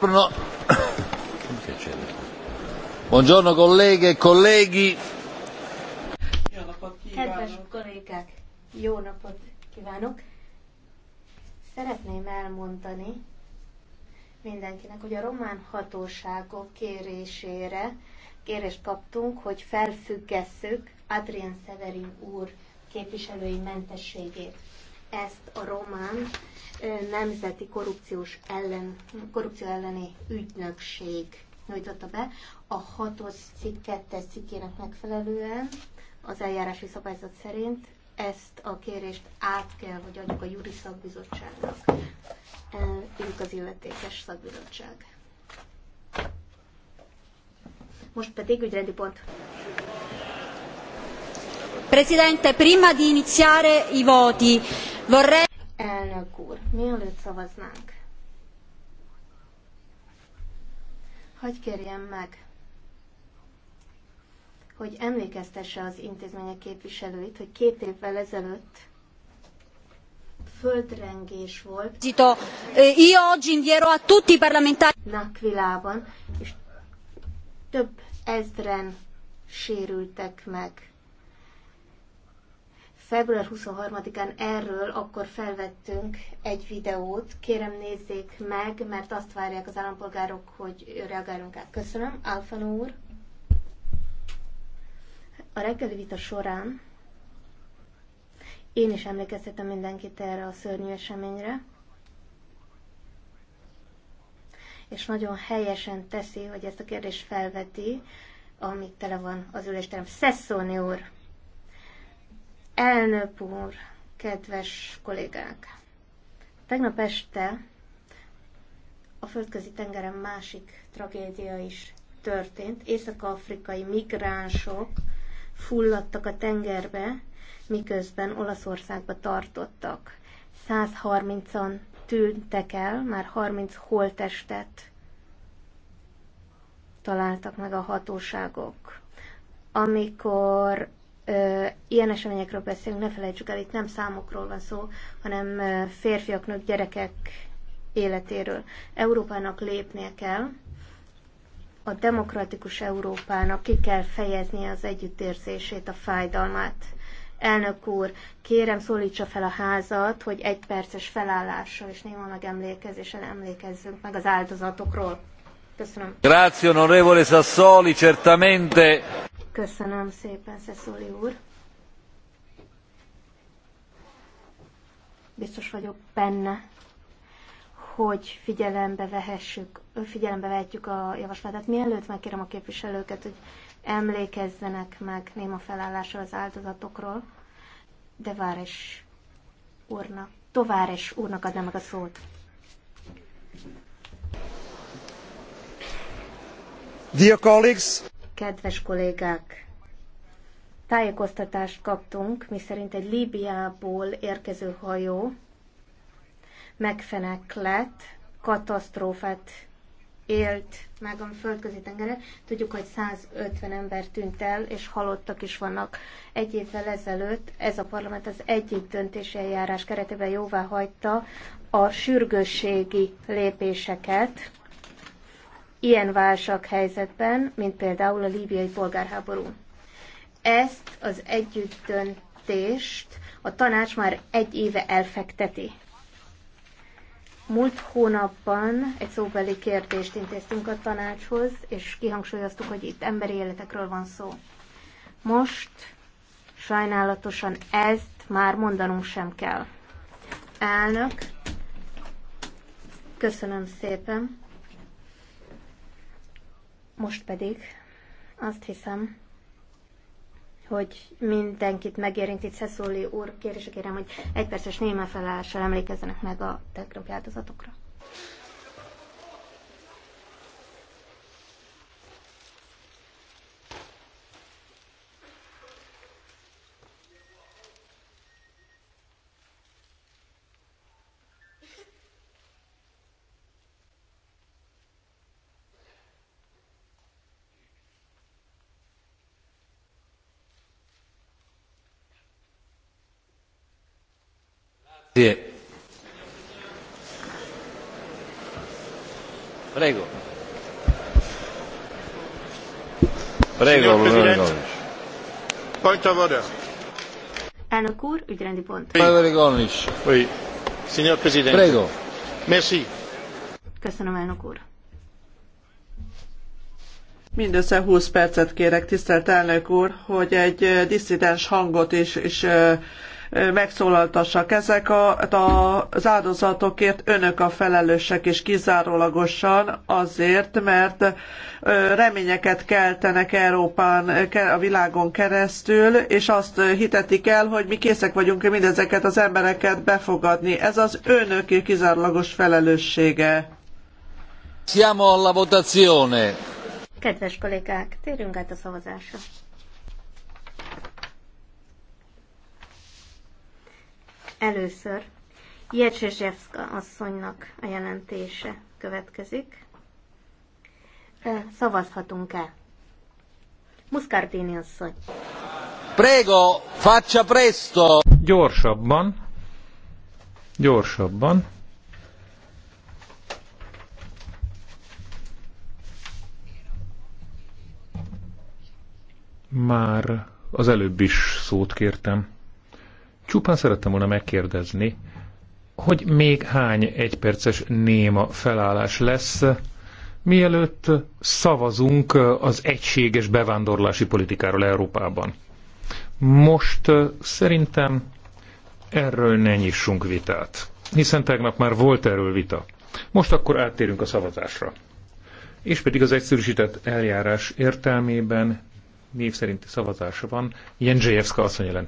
No. Buongiorno colleghe e colleghi. Kedves kollégák, jó napot kívánok! Szeretném elmondani mindenkinek, hogy a román hatóságok kérésére kérést kaptunk, hogy felfüggesszük Adrian Severin úr képviselői mentességét ezt a román nemzeti korrupciós ellen, korrupció elleni ügynökség nyújtotta be a hatos cikk kettes cikkének megfelelően az eljárási szabályzat szerint ezt a kérést át kell, hogy adjuk a juri szakbizottságnak. Ők az illetékes szakbizottság. Most pedig ügyrendi pont. Presidente, prima di iniziare i voti, Vorrei... Elnök úr, mielőtt szavaznánk, Hogy kérjem meg, hogy emlékeztesse az intézmények képviselőit, hogy két évvel ezelőtt földrengés volt. Zito, io oggi invierò a tutti i parlamentari. Nakvilában, és több ezren sérültek meg február 23-án erről akkor felvettünk egy videót. Kérem nézzék meg, mert azt várják az állampolgárok, hogy reagálunk át. Köszönöm. Alfano úr. A reggeli vita során én is emlékeztetem mindenkit erre a szörnyű eseményre. És nagyon helyesen teszi, hogy ezt a kérdést felveti, amit tele van az ülésterem. Szeszóni úr! Elnök úr, kedves kollégák! Tegnap este a földközi tengeren másik tragédia is történt. Észak-afrikai migránsok fulladtak a tengerbe, miközben Olaszországba tartottak. 130-an tűntek el, már 30 holtestet találtak meg a hatóságok. Amikor ilyen eseményekről beszélünk, ne felejtsük el, itt nem számokról van szó, hanem férfiaknak, gyerekek életéről. Európának lépnie kell, a demokratikus Európának ki kell fejezni az együttérzését, a fájdalmát. Elnök úr, kérem szólítsa fel a házat, hogy egy perces felállással és néma megemlékezésen emlékezzünk meg az áldozatokról. Köszönöm. Grazie, onorevole Sassoli, certamente. Köszönöm szépen, Szeszoli úr. Biztos vagyok benne, hogy figyelembe vehessük, figyelembe vehetjük a javaslatot. Mielőtt megkérem a képviselőket, hogy emlékezzenek meg néma felállásra az áldozatokról, de Váres úrnak, Továres úrnak adnám meg a szót. Dear colleagues, Kedves kollégák, tájékoztatást kaptunk, miszerint egy Líbiából érkező hajó megfeneklett, katasztrófát élt meg a földközi tengeren. Tudjuk, hogy 150 ember tűnt el, és halottak is vannak. Egy évvel ezelőtt ez a parlament az egyik döntési eljárás keretében jóvá hagyta a sürgősségi lépéseket, ilyen válság helyzetben, mint például a líbiai polgárháború. Ezt az együttdöntést a tanács már egy éve elfekteti. Múlt hónapban egy szóbeli kérdést intéztünk a tanácshoz, és kihangsúlyoztuk, hogy itt emberi életekről van szó. Most sajnálatosan ezt már mondanunk sem kell. Elnök, köszönöm szépen. Most pedig azt hiszem, hogy mindenkit itt Szeszóli úr, kérdése kérem, hogy egy perces némefelelással emlékezzenek meg a tegnapi áldozatokra. Prego. Prego, Point of order. Elnök úr, ügyrendi pont. Oui. Signor Presidente. Prego. Merci. Köszönöm, elnök úr. Mindössze 20 percet kérek, tisztelt elnök úr, hogy egy disszidens hangot is, is megszólaltassak. Ezek a, az áldozatokért önök a felelősek, és kizárólagosan azért, mert reményeket keltenek Európán, a világon keresztül, és azt hitetik el, hogy mi készek vagyunk mindezeket az embereket befogadni. Ez az önök kizárólagos felelőssége. Siamo alla votazione. Kedves kollégák, térjünk át a szavazásra. Először Jecsezsevszka asszonynak a jelentése következik. Szavazhatunk-e? Muszkártini asszony. Prego, faccia presto! Gyorsabban. Gyorsabban. Már az előbb is szót kértem. Csupán szerettem volna megkérdezni, hogy még hány egyperces néma felállás lesz, mielőtt szavazunk az egységes bevándorlási politikáról Európában. Most szerintem erről ne nyissunk vitát, hiszen tegnap már volt erről vita. Most akkor áttérünk a szavazásra. És pedig az egyszerűsített eljárás értelmében név szerinti szavazása van Jendzsejevszka azt jelent.